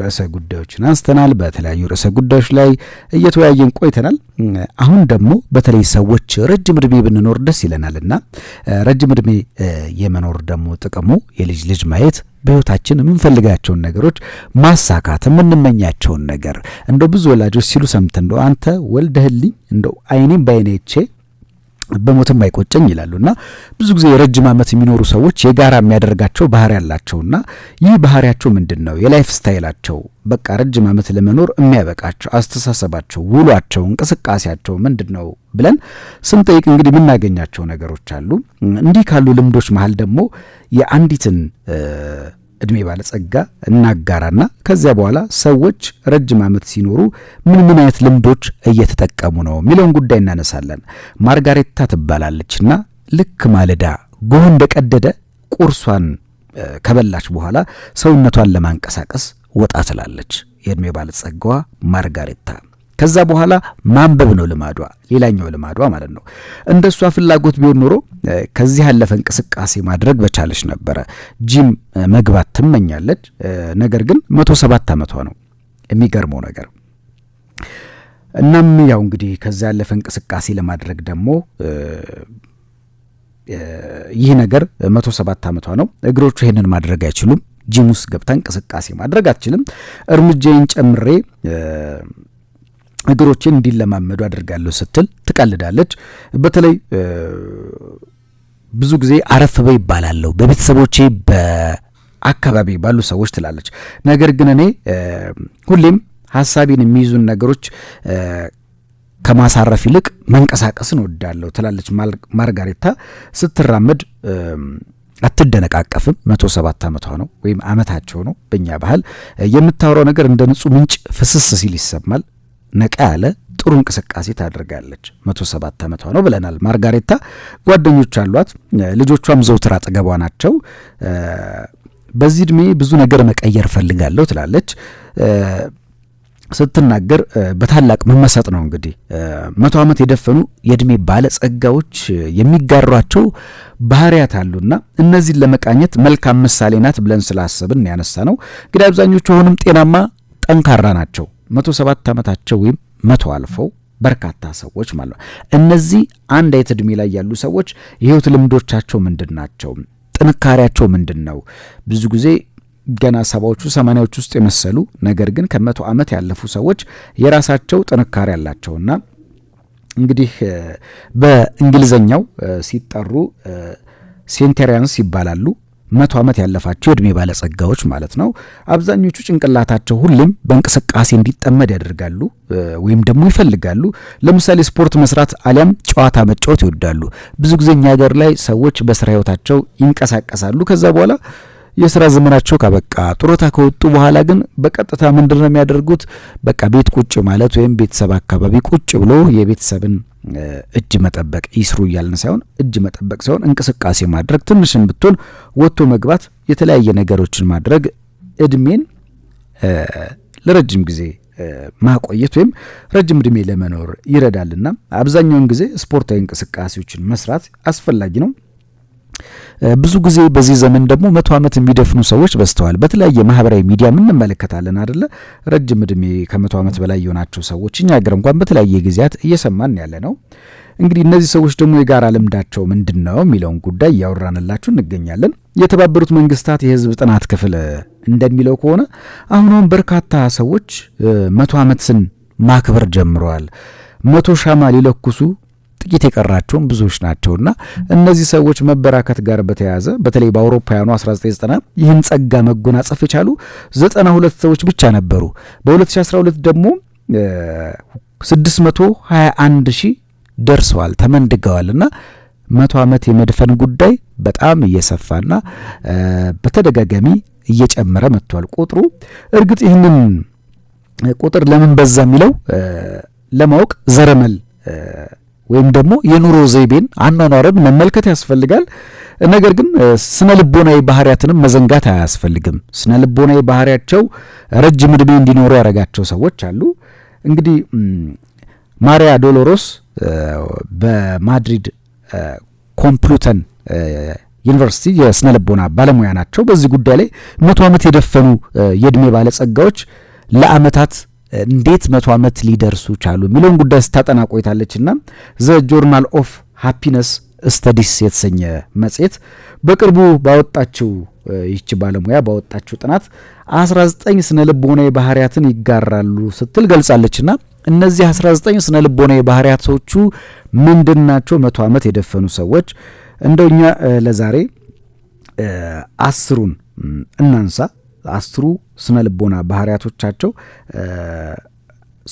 ርዕሰ ጉዳዮችን አንስተናል። በተለያዩ ርዕሰ ጉዳዮች ላይ እየተወያየን ቆይተናል። አሁን ደግሞ በተለይ ሰዎች ረጅም ዕድሜ ብንኖር ደስ ይለናል እና ረጅም ዕድሜ የመኖር ደግሞ ጥቅሙ የልጅ ልጅ ማየት በህይወታችን የምንፈልጋቸውን ነገሮች ማሳካት የምንመኛቸውን ነገር እንደው ብዙ ወላጆች ሲሉ ሰምት እንደ አንተ ወልደህልኝ እንደው አይኔም በአይኔቼ በሞትም አይቆጨኝ ይላሉና ብዙ ጊዜ የረጅም ዓመት የሚኖሩ ሰዎች የጋራ የሚያደርጋቸው ባህሪ ያላቸውና ይህ ባህሪያቸው ምንድን ነው? የላይፍ ስታይላቸው በቃ ረጅም ዓመት ለመኖር የሚያበቃቸው አስተሳሰባቸው፣ ውሏቸው፣ እንቅስቃሴያቸው ምንድን ነው ብለን ስንጠይቅ እንግዲህ የምናገኛቸው ነገሮች አሉ። እንዲህ ካሉ ልምዶች መሀል ደግሞ የአንዲትን እድሜ ባለጸጋ እናጋራና ከዚያ በኋላ ሰዎች ረጅም ዓመት ሲኖሩ ምን ምን አይነት ልምዶች እየተጠቀሙ ነው የሚለውን ጉዳይ እናነሳለን። ማርጋሬታ ትባላለችና ልክ ማለዳ ጎህ እንደቀደደ ቁርሷን ከበላች በኋላ ሰውነቷን ለማንቀሳቀስ ወጣ ትላለች። የእድሜ ባለጸጋዋ ማርጋሬታ ከዛ በኋላ ማንበብ ነው ልማዷ፣ ሌላኛው ልማዷ ማለት ነው። እንደሷ ፍላጎት ቢሆን ኖሮ ከዚህ ያለፈ እንቅስቃሴ ማድረግ በቻለች ነበረ። ጂም መግባት ትመኛለች። ነገር ግን መቶ ሰባት ዓመቷ ነው የሚገርመው ነገር። እናም ያው እንግዲህ ከዛ ያለፈ እንቅስቃሴ ለማድረግ ደግሞ ይህ ነገር መቶ ሰባት ዓመቷ ነው። እግሮቹ ይህንን ማድረግ አይችሉም። ጂም ውስጥ ገብታ እንቅስቃሴ ማድረግ አትችልም። እርምጃዬን ጨምሬ እግሮችን እንዲለማመዱ አድርጋለሁ ስትል ትቀልዳለች። በተለይ ብዙ ጊዜ አረፍ በይ ይባላለሁ በቤተሰቦቼ በአካባቢ ባሉ ሰዎች ትላለች። ነገር ግን እኔ ሁሌም ሀሳቢን የሚይዙን ነገሮች ከማሳረፍ ይልቅ መንቀሳቀስን ወዳለሁ ትላለች። ማርጋሬታ ስትራመድ አትደነቃቀፍም። መቶ ሰባት ዓመቷ ነው ወይም ዓመታቸው ነው በእኛ ባህል። የምታወራው ነገር እንደ ንጹህ ምንጭ ፍስስ ሲል ይሰማል። ነቃ ያለ ጥሩ እንቅስቃሴ ታደርጋለች። መቶ ሰባት ዓመቷ ነው ብለናል። ማርጋሬታ ጓደኞች አሏት፣ ልጆቿም ዘውትር አጠገቧ ናቸው። በዚህ እድሜ ብዙ ነገር መቀየር ፈልጋለሁ ትላለች ስትናገር በታላቅ መመሰጥ ነው። እንግዲህ መቶ ዓመት የደፈኑ የእድሜ ባለጸጋዎች የሚጋሯቸው ባህሪያት አሉና እነዚህን ለመቃኘት መልካም ምሳሌ ናት ብለን ስላሰብን ያነሳ ነው። እንግዲህ አብዛኞቹ አሁንም ጤናማ፣ ጠንካራ ናቸው። መቶ ሰባት ዓመታቸው ወይም መቶ አልፈው በርካታ ሰዎች ማለት ነው። እነዚህ አንድ አይነት እድሜ ላይ ያሉ ሰዎች የህይወት ልምዶቻቸው ምንድን ናቸው? ጥንካሬያቸው ምንድን ነው? ብዙ ጊዜ ገና ሰባዎቹ ሰማኒያዎች ውስጥ የመሰሉ ነገር ግን ከመቶ ዓመት ያለፉ ሰዎች የራሳቸው ጥንካሬ ያላቸውና እንግዲህ በእንግሊዘኛው ሲጠሩ ሴንቴሪያንስ ይባላሉ። መቶ ዓመት ያለፋቸው እድሜ ባለጸጋዎች ማለት ነው። አብዛኞቹ ጭንቅላታቸው ሁሌም በእንቅስቃሴ እንዲጠመድ ያደርጋሉ ወይም ደግሞ ይፈልጋሉ። ለምሳሌ ስፖርት መስራት አሊያም ጨዋታ መጫወት ይወዳሉ። ብዙ ጊዜ እኛ ሀገር ላይ ሰዎች በስራ ህይወታቸው ይንቀሳቀሳሉ። ከዛ በኋላ የስራ ዘመናቸው ካበቃ ጡረታ ከወጡ በኋላ ግን በቀጥታ ምንድን ነው የሚያደርጉት? በቃ ቤት ቁጭ ማለት ወይም ቤተሰብ አካባቢ ቁጭ ብሎ የቤተሰብን እጅ መጠበቅ ይስሩ እያልን ሳይሆን እጅ መጠበቅ ሳይሆን እንቅስቃሴ ማድረግ ትንሽን ብትሆን ወጥቶ መግባት፣ የተለያየ ነገሮችን ማድረግ እድሜን ለረጅም ጊዜ ማቆየት ወይም ረጅም እድሜ ለመኖር ይረዳልና አብዛኛውን ጊዜ ስፖርታዊ እንቅስቃሴዎችን መስራት አስፈላጊ ነው። ብዙ ጊዜ በዚህ ዘመን ደግሞ መቶ ዓመት የሚደፍኑ ሰዎች በዝተዋል። በተለያየ ማህበራዊ ሚዲያ እንመለከታለን አደለ? ረጅም እድሜ ከመቶ ዓመት በላይ የሆናቸው ሰዎች እኛ ሀገር እንኳን በተለያየ ጊዜያት እየሰማን ያለ ነው። እንግዲህ እነዚህ ሰዎች ደግሞ የጋራ ልምዳቸው ምንድን ነው የሚለውን ጉዳይ እያወራንላችሁ እንገኛለን። የተባበሩት መንግስታት የህዝብ ጥናት ክፍል እንደሚለው ከሆነ አሁን በርካታ ሰዎች መቶ ዓመትን ማክበር ጀምረዋል። መቶ ሻማ ሊለኩሱ ጥቂት የቀራቸውም ብዙዎች ናቸውና እነዚህ ሰዎች መበራከት ጋር በተያያዘ በተለይ በአውሮፓውያኑ 1990 ይህን ጸጋ መጎናጸፍ የቻሉ 92 ሰዎች ብቻ ነበሩ። በ2012 ደግሞ 621 ሺህ ደርሰዋል ተመንድገዋልና መቶ ዓመት የመድፈን ጉዳይ በጣም እየሰፋና በተደጋጋሚ እየጨመረ መጥቷል ቁጥሩ። እርግጥ ይህንን ቁጥር ለምን በዛ የሚለው ለማወቅ ዘረመል ወይም ደግሞ የኑሮ ዘይቤን አኗኗርን መመልከት ያስፈልጋል። ነገር ግን ስነ ልቦናዊ ባህሪያትንም መዘንጋት አያስፈልግም። ስነ ልቦናዊ ባህሪያቸው ረጅም ዕድሜ እንዲኖሩ ያደረጋቸው ሰዎች አሉ። እንግዲህ ማሪያ ዶሎሮስ በማድሪድ ኮምፕሉተን ዩኒቨርሲቲ የስነ ልቦና ባለሙያ ናቸው። በዚህ ጉዳይ ላይ መቶ ዓመት የደፈኑ የዕድሜ ባለጸጋዎች ለአመታት እንዴት መቶ ዓመት ሊደርሱ ቻሉ የሚለውን ጉዳይ ስታጠና ቆይታለች ና ዘ ጆርናል ኦፍ ሃፒነስ ስተዲስ የተሰኘ መጽሔት በቅርቡ ባወጣችው ይቺ ባለሙያ ባወጣችው ጥናት 19 ስነ ልቦናዊ ባህርያትን ይጋራሉ ስትል ገልጻለችና እነዚህ 19 ስነ ልቦናዊ ባህርያቶቹ ምንድን ናቸው? መቶ ዓመት የደፈኑ ሰዎች እንደው እኛ ለዛሬ አስሩን እናንሳ። አስሩ ስነ ልቦና ባህሪያቶቻቸው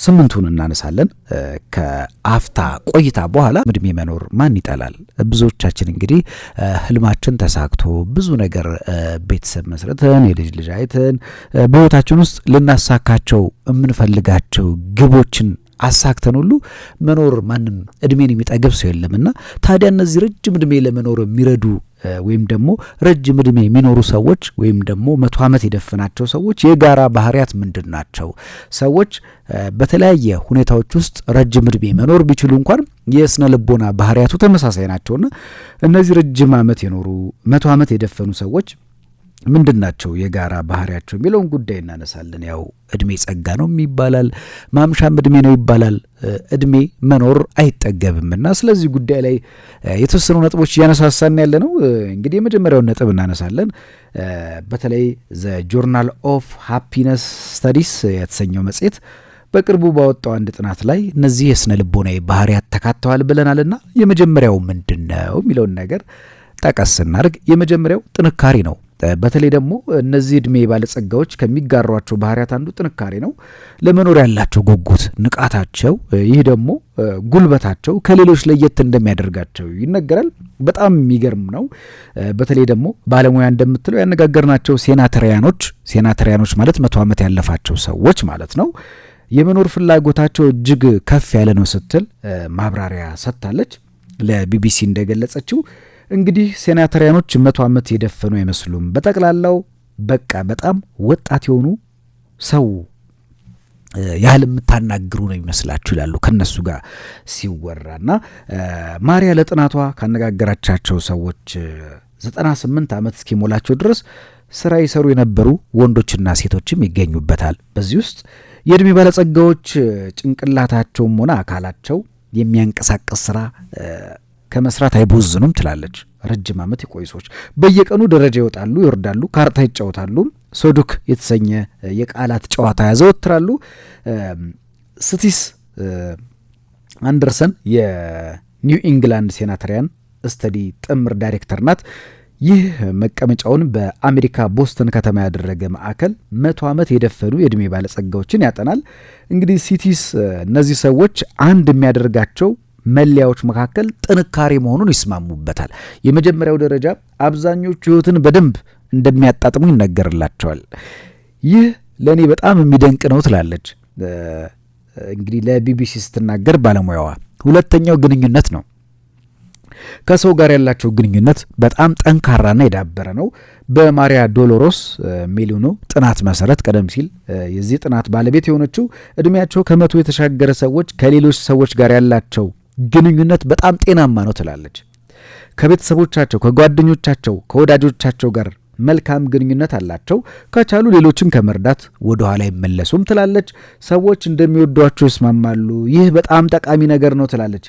ስምንቱን እናነሳለን። ከአፍታ ቆይታ በኋላ እድሜ መኖር ማን ይጠላል? ብዙዎቻችን እንግዲህ ህልማችን ተሳክቶ ብዙ ነገር ቤተሰብ መስረትን የልጅ ልጅ አይትን በህይወታችን ውስጥ ልናሳካቸው የምንፈልጋቸው ግቦችን አሳክተን ሁሉ መኖር ማንም እድሜን የሚጠገብ ሰው የለም ታዲያ እነዚህ ረጅም እድሜ ለመኖር የሚረዱ ወይም ደግሞ ረጅም እድሜ የሚኖሩ ሰዎች ወይም ደግሞ መቶ ዓመት የደፈናቸው ሰዎች የጋራ ባህሪያት ምንድን ናቸው? ሰዎች በተለያየ ሁኔታዎች ውስጥ ረጅም እድሜ መኖር ቢችሉ እንኳን የስነ ልቦና ባህሪያቱ ተመሳሳይ ናቸውና እነዚህ ረጅም ዓመት የኖሩ መቶ ዓመት የደፈኑ ሰዎች ምንድን ናቸው የጋራ ባህሪያቸው የሚለውን ጉዳይ እናነሳለን። ያው እድሜ ጸጋ ነው ይባላል፣ ማምሻም እድሜ ነው ይባላል። እድሜ መኖር አይጠገብም እና ስለዚህ ጉዳይ ላይ የተወሰኑ ነጥቦች እያነሳሳን ያለ ነው። እንግዲህ የመጀመሪያውን ነጥብ እናነሳለን። በተለይ ዘ ጆርናል ኦፍ ሃፒነስ ስተዲስ የተሰኘው መጽሔት በቅርቡ ባወጣው አንድ ጥናት ላይ እነዚህ የስነ ልቦናዊ ባህሪያት ተካተዋል ብለናልና የመጀመሪያው ምንድን ነው የሚለውን ነገር ጠቀስ ስናደርግ የመጀመሪያው ጥንካሬ ነው። በተለይ ደግሞ እነዚህ እድሜ ባለጸጋዎች ከሚጋሯቸው ባህሪያት አንዱ ጥንካሬ ነው። ለመኖር ያላቸው ጉጉት፣ ንቃታቸው፣ ይህ ደግሞ ጉልበታቸው ከሌሎች ለየት እንደሚያደርጋቸው ይነገራል። በጣም የሚገርም ነው። በተለይ ደግሞ ባለሙያ እንደምትለው ያነጋገርናቸው ሴናተሪያኖች ሴናተሪያኖች ማለት መቶ ዓመት ያለፋቸው ሰዎች ማለት ነው የመኖር ፍላጎታቸው እጅግ ከፍ ያለ ነው ስትል ማብራሪያ ሰጥታለች። ለቢቢሲ እንደገለጸችው እንግዲህ ሴናተሪያኖች መቶ ዓመት የደፈኑ አይመስሉም። በጠቅላላው በቃ በጣም ወጣት የሆኑ ሰው ያህል የምታናግሩ ነው ይመስላችሁ ይላሉ ከነሱ ጋር ሲወራና ማሪያ ለጥናቷ ካነጋገራቻቸው ሰዎች 98 ዓመት እስኪሞላቸው ድረስ ስራ ይሰሩ የነበሩ ወንዶችና ሴቶችም ይገኙበታል። በዚህ ውስጥ የእድሜ ባለጸጋዎች ጭንቅላታቸውም ሆነ አካላቸው የሚያንቀሳቅስ ስራ ከመስራት አይቦዝኑም ትላለች። ረጅም ዓመት የቆዩ ሰዎች በየቀኑ ደረጃ ይወጣሉ፣ ይወርዳሉ፣ ካርታ ይጫወታሉ፣ ሶዱክ የተሰኘ የቃላት ጨዋታ ያዘወትራሉ። ስቲስ አንደርሰን የኒው ኢንግላንድ ሴናተሪያን ስተዲ ጥምር ዳይሬክተር ናት። ይህ መቀመጫውን በአሜሪካ ቦስተን ከተማ ያደረገ ማዕከል መቶ ዓመት የደፈኑ የዕድሜ ባለጸጋዎችን ያጠናል። እንግዲህ ሲቲስ እነዚህ ሰዎች አንድ የሚያደርጋቸው መለያዎች መካከል ጥንካሬ መሆኑን ይስማሙበታል። የመጀመሪያው ደረጃ አብዛኞቹ ሕይወትን በደንብ እንደሚያጣጥሙ ይነገርላቸዋል። ይህ ለእኔ በጣም የሚደንቅ ነው ትላለች እንግዲህ ለቢቢሲ ስትናገር ባለሙያዋ። ሁለተኛው ግንኙነት ነው። ከሰው ጋር ያላቸው ግንኙነት በጣም ጠንካራና የዳበረ ነው። በማሪያ ዶሎሮስ ሚሊኖ ጥናት መሰረት ቀደም ሲል የዚህ ጥናት ባለቤት የሆነችው እድሜያቸው ከመቶ የተሻገረ ሰዎች ከሌሎች ሰዎች ጋር ያላቸው ግንኙነት በጣም ጤናማ ነው ትላለች። ከቤተሰቦቻቸው፣ ከጓደኞቻቸው፣ ከወዳጆቻቸው ጋር መልካም ግንኙነት አላቸው። ከቻሉ ሌሎችን ከመርዳት ወደኋላ ይመለሱም ትላለች። ሰዎች እንደሚወዷቸው ይስማማሉ። ይህ በጣም ጠቃሚ ነገር ነው ትላለች።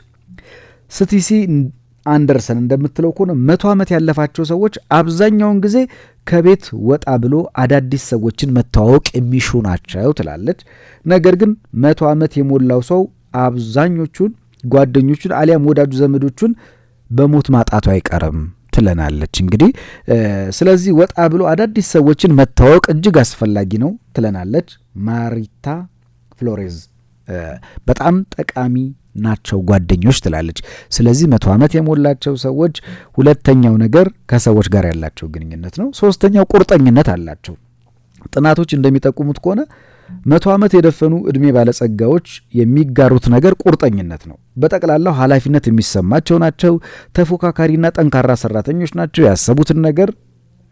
ስቲሲ አንደርሰን እንደምትለው ከሆነ መቶ ዓመት ያለፋቸው ሰዎች አብዛኛውን ጊዜ ከቤት ወጣ ብሎ አዳዲስ ሰዎችን መተዋወቅ የሚሹ ናቸው ትላለች። ነገር ግን መቶ ዓመት የሞላው ሰው አብዛኞቹን ጓደኞቹን አሊያም ወዳጁ ዘመዶቹን በሞት ማጣቱ አይቀርም ትለናለች። እንግዲህ ስለዚህ ወጣ ብሎ አዳዲስ ሰዎችን መታወቅ እጅግ አስፈላጊ ነው ትለናለች ማሪታ ፍሎሬዝ። በጣም ጠቃሚ ናቸው ጓደኞች ትላለች። ስለዚህ መቶ ዓመት የሞላቸው ሰዎች ሁለተኛው ነገር ከሰዎች ጋር ያላቸው ግንኙነት ነው። ሶስተኛው ቁርጠኝነት አላቸው። ጥናቶች እንደሚጠቁሙት ከሆነ መቶ ዓመት የደፈኑ ዕድሜ ባለጸጋዎች የሚጋሩት ነገር ቁርጠኝነት ነው። በጠቅላላው ኃላፊነት የሚሰማቸው ናቸው። ተፎካካሪና ጠንካራ ሰራተኞች ናቸው። ያሰቡትን ነገር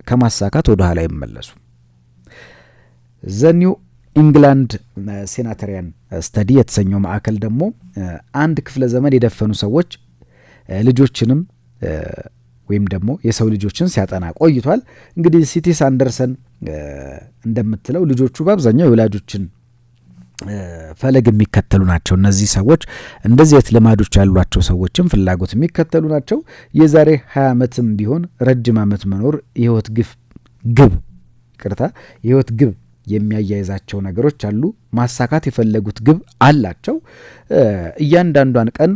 ከማሳካት ወደ ኋላ ይመለሱ። ዘኒው ኢንግላንድ ሴናተሪያን ስተዲ የተሰኘው ማዕከል ደግሞ አንድ ክፍለ ዘመን የደፈኑ ሰዎች ልጆችንም ወይም ደግሞ የሰው ልጆችን ሲያጠና ቆይቷል። እንግዲህ ሲቲ ሳንደርሰን እንደምትለው ልጆቹ በአብዛኛው የወላጆችን ፈለግ የሚከተሉ ናቸው። እነዚህ ሰዎች እንደዚህ አይነት ልማዶች ያሏቸው ሰዎችም ፍላጎት የሚከተሉ ናቸው። የዛሬ 20 ዓመትም ቢሆን ረጅም ዓመት መኖር የህይወት ግብ ግብ ቅርታ የህይወት ግብ የሚያያይዛቸው ነገሮች አሉ። ማሳካት የፈለጉት ግብ አላቸው። እያንዳንዷን ቀን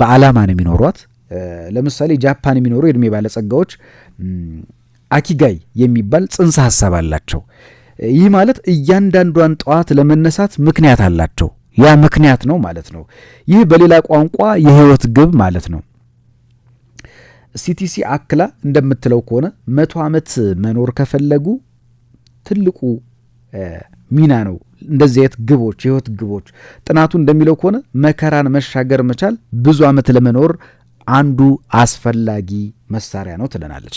በዓላማ ነው የሚኖሯት። ለምሳሌ ጃፓን የሚኖሩ የእድሜ ባለጸጋዎች አኪጋይ የሚባል ጽንሰ ሀሳብ አላቸው። ይህ ማለት እያንዳንዷን ጠዋት ለመነሳት ምክንያት አላቸው። ያ ምክንያት ነው ማለት ነው። ይህ በሌላ ቋንቋ የህይወት ግብ ማለት ነው። ሲቲሲ አክላ እንደምትለው ከሆነ መቶ ዓመት መኖር ከፈለጉ ትልቁ ሚና ነው እንደዚህ አይነት ግቦች የህይወት ግቦች። ጥናቱ እንደሚለው ከሆነ መከራን መሻገር መቻል ብዙ ዓመት ለመኖር አንዱ አስፈላጊ መሳሪያ ነው ትለናለች።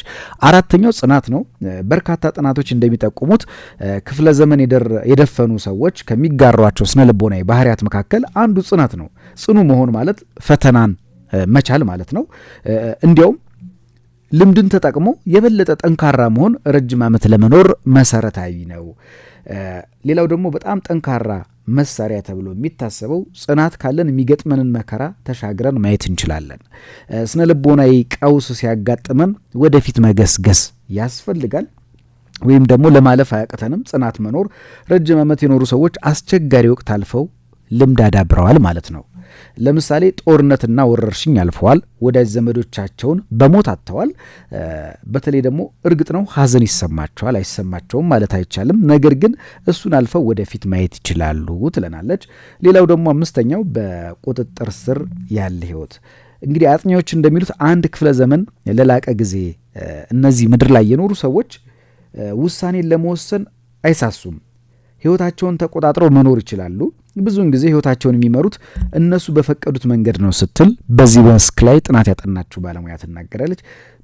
አራተኛው ጽናት ነው። በርካታ ጥናቶች እንደሚጠቁሙት ክፍለ ዘመን የደፈኑ ሰዎች ከሚጋሯቸው ስነ ልቦናዊ ባህርያት መካከል አንዱ ጽናት ነው። ጽኑ መሆን ማለት ፈተናን መቻል ማለት ነው። እንዲያውም ልምድን ተጠቅሞ የበለጠ ጠንካራ መሆን ረጅም ዓመት ለመኖር መሰረታዊ ነው። ሌላው ደግሞ በጣም ጠንካራ መሳሪያ ተብሎ የሚታሰበው ጽናት ካለን የሚገጥመንን መከራ ተሻግረን ማየት እንችላለን። ስነ ልቦናዊ ቀውስ ሲያጋጥመን ወደፊት መገስገስ ያስፈልጋል። ወይም ደግሞ ለማለፍ አያቅተንም ጽናት መኖር። ረጅም ዓመት የኖሩ ሰዎች አስቸጋሪ ወቅት አልፈው ልምድ አዳብረዋል ማለት ነው። ለምሳሌ ጦርነትና ወረርሽኝ አልፈዋል። ወዳጅ ዘመዶቻቸውን በሞት አጥተዋል። በተለይ ደግሞ እርግጥ ነው ሀዘን ይሰማቸዋል፣ አይሰማቸውም ማለት አይቻልም። ነገር ግን እሱን አልፈው ወደፊት ማየት ይችላሉ ትለናለች። ሌላው ደግሞ አምስተኛው በቁጥጥር ስር ያለ ህይወት እንግዲህ አጥኚዎች እንደሚሉት አንድ ክፍለ ዘመን ለላቀ ጊዜ እነዚህ ምድር ላይ የኖሩ ሰዎች ውሳኔን ለመወሰን አይሳሱም። ህይወታቸውን ተቆጣጥረው መኖር ይችላሉ። ብዙውን ጊዜ ህይወታቸውን የሚመሩት እነሱ በፈቀዱት መንገድ ነው ስትል በዚህ መስክ ላይ ጥናት ያጠናችሁ ባለሙያ ትናገራለች።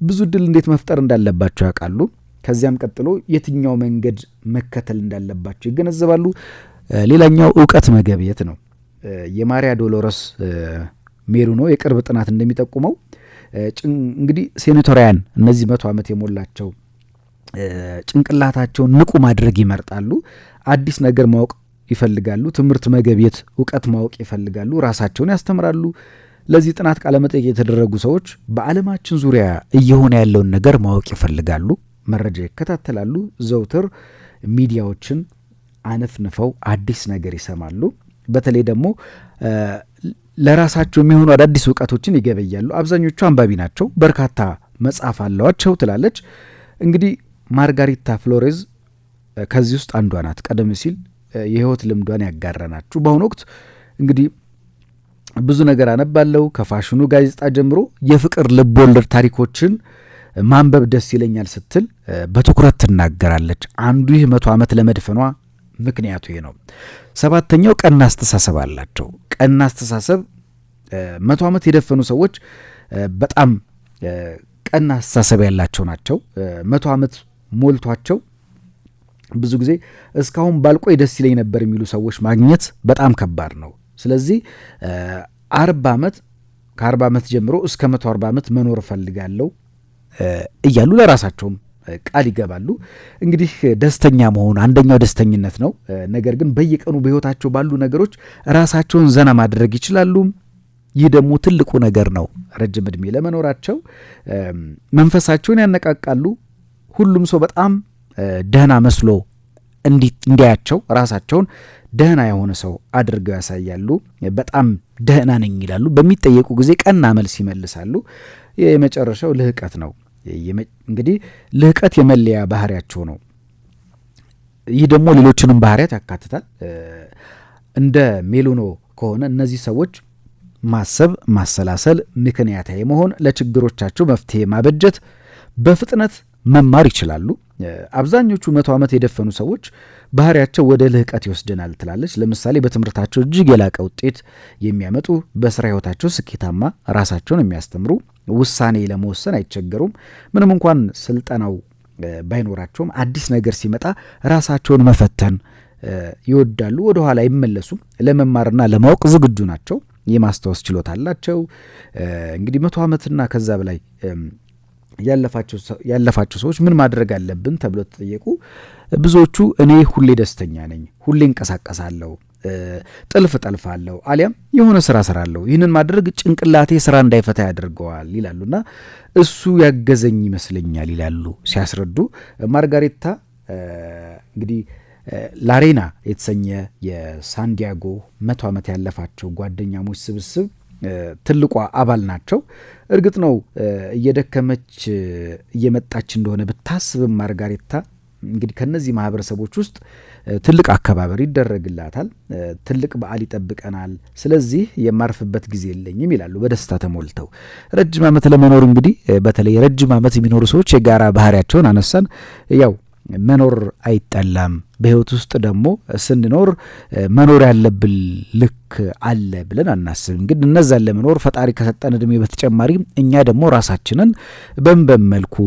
ብዙ እድል እንዴት መፍጠር እንዳለባቸው ያውቃሉ። ከዚያም ቀጥሎ የትኛው መንገድ መከተል እንዳለባቸው ይገነዘባሉ። ሌላኛው እውቀት መገብየት ነው። የማሪያ ዶሎረስ ሜሩኖ የቅርብ ጥናት እንደሚጠቁመው እንግዲህ ሴኔቶሪያን እነዚህ መቶ ዓመት የሞላቸው ጭንቅላታቸውን ንቁ ማድረግ ይመርጣሉ። አዲስ ነገር ማወቅ ይፈልጋሉ። ትምህርት መገብየት፣ እውቀት ማወቅ ይፈልጋሉ። ራሳቸውን ያስተምራሉ። ለዚህ ጥናት ቃለመጠይቅ የተደረጉ ሰዎች በዓለማችን ዙሪያ እየሆነ ያለውን ነገር ማወቅ ይፈልጋሉ። መረጃ ይከታተላሉ። ዘውትር ሚዲያዎችን አነፍንፈው አዲስ ነገር ይሰማሉ። በተለይ ደግሞ ለራሳቸው የሚሆኑ አዳዲስ እውቀቶችን ይገበያሉ። አብዛኞቹ አንባቢ ናቸው። በርካታ መጽሐፍ አለዋቸው ትላለች እንግዲህ ማርጋሪታ ፍሎሬዝ ከዚህ ውስጥ አንዷ ናት። ቀደም ሲል የህይወት ልምዷን ያጋራናችሁ። በአሁኑ ወቅት እንግዲህ ብዙ ነገር አነባለሁ ከፋሽኑ ጋዜጣ ጀምሮ የፍቅር ልቦለድ ታሪኮችን ማንበብ ደስ ይለኛል ስትል በትኩረት ትናገራለች። አንዱ ይህ መቶ ዓመት ለመድፈኗ ምክንያቱ ይህ ነው። ሰባተኛው ቀና አስተሳሰብ አላቸው። ቀና አስተሳሰብ መቶ ዓመት የደፈኑ ሰዎች በጣም ቀና አስተሳሰብ ያላቸው ናቸው። መቶ ዓመት ሞልቷቸው ብዙ ጊዜ እስካሁን ባልቆይ ደስ ይለኝ ነበር የሚሉ ሰዎች ማግኘት በጣም ከባድ ነው። ስለዚህ አርባ ዓመት ከአርባ ዓመት ጀምሮ እስከ መቶ አርባ ዓመት መኖር እፈልጋለሁ እያሉ ለራሳቸውም ቃል ይገባሉ። እንግዲህ ደስተኛ መሆን አንደኛው ደስተኝነት ነው። ነገር ግን በየቀኑ በሕይወታቸው ባሉ ነገሮች ራሳቸውን ዘና ማድረግ ይችላሉ። ይህ ደግሞ ትልቁ ነገር ነው። ረጅም ዕድሜ ለመኖራቸው መንፈሳቸውን ያነቃቃሉ። ሁሉም ሰው በጣም ደህና መስሎ እንዲያያቸው ራሳቸውን ደህና የሆነ ሰው አድርገው ያሳያሉ። በጣም ደህና ነኝ ይላሉ። በሚጠየቁ ጊዜ ቀና መልስ ይመልሳሉ። የመጨረሻው ልህቀት ነው። እንግዲህ ልህቀት የመለያ ባህሪያቸው ነው። ይህ ደግሞ ሌሎችንም ባህሪያት ያካትታል። እንደ ሜሉኖ ከሆነ እነዚህ ሰዎች ማሰብ፣ ማሰላሰል፣ ምክንያታዊ መሆን፣ ለችግሮቻቸው መፍትሄ ማበጀት፣ በፍጥነት መማር ይችላሉ። አብዛኞቹ መቶ ዓመት የደፈኑ ሰዎች ባህሪያቸው ወደ ልህቀት ይወስደናል ትላለች። ለምሳሌ በትምህርታቸው እጅግ የላቀ ውጤት የሚያመጡ፣ በስራ ህይወታቸው ስኬታማ፣ ራሳቸውን የሚያስተምሩ፣ ውሳኔ ለመወሰን አይቸገሩም። ምንም እንኳን ስልጠናው ባይኖራቸውም አዲስ ነገር ሲመጣ ራሳቸውን መፈተን ይወዳሉ። ወደኋላ አይመለሱም። ለመማርና ለማወቅ ዝግጁ ናቸው። የማስታወስ ችሎታ አላቸው። እንግዲህ መቶ ዓመትና ከዛ በላይ ያለፋቸው ሰዎች ምን ማድረግ አለብን ተብሎ ተጠየቁ። ብዙዎቹ እኔ ሁሌ ደስተኛ ነኝ፣ ሁሌ እንቀሳቀሳለሁ፣ ጥልፍ ጠልፋለሁ፣ አሊያም የሆነ ስራ አለው። ይህንን ማድረግ ጭንቅላቴ ስራ እንዳይፈታ ያደርገዋል ይላሉና እሱ ያገዘኝ ይመስለኛል ይላሉ ሲያስረዱ ማርጋሬታ እንግዲህ ላሬና የተሰኘ የሳንዲያጎ መቶ ዓመት ያለፋቸው ጓደኛሞች ስብስብ ትልቋ አባል ናቸው። እርግጥ ነው እየደከመች እየመጣች እንደሆነ ብታስብም ማርጋሬታ እንግዲህ ከነዚህ ማህበረሰቦች ውስጥ ትልቅ አከባበር ይደረግላታል። ትልቅ በዓል ይጠብቀናል። ስለዚህ የማርፍበት ጊዜ የለኝም ይላሉ በደስታ ተሞልተው። ረጅም ዓመት ለመኖር እንግዲህ በተለይ ረጅም ዓመት የሚኖሩ ሰዎች የጋራ ባህሪያቸውን አነሳን ያው መኖር አይጠላም። በህይወት ውስጥ ደግሞ ስንኖር መኖር ያለብን ልክ አለ ብለን አናስብ። እንግዲህ እነዛን ለመኖር ፈጣሪ ከሰጠን እድሜ በተጨማሪ እኛ ደግሞ ራሳችንን በንበን መልኩ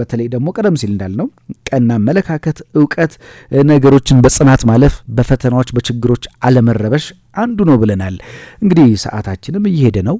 በተለይ ደግሞ ቀደም ሲል እንዳልነው ቀና አመለካከት፣ እውቀት፣ ነገሮችን በጽናት ማለፍ፣ በፈተናዎች በችግሮች አለመረበሽ አንዱ ነው ብለናል። እንግዲህ ሰዓታችንም እየሄደ ነው።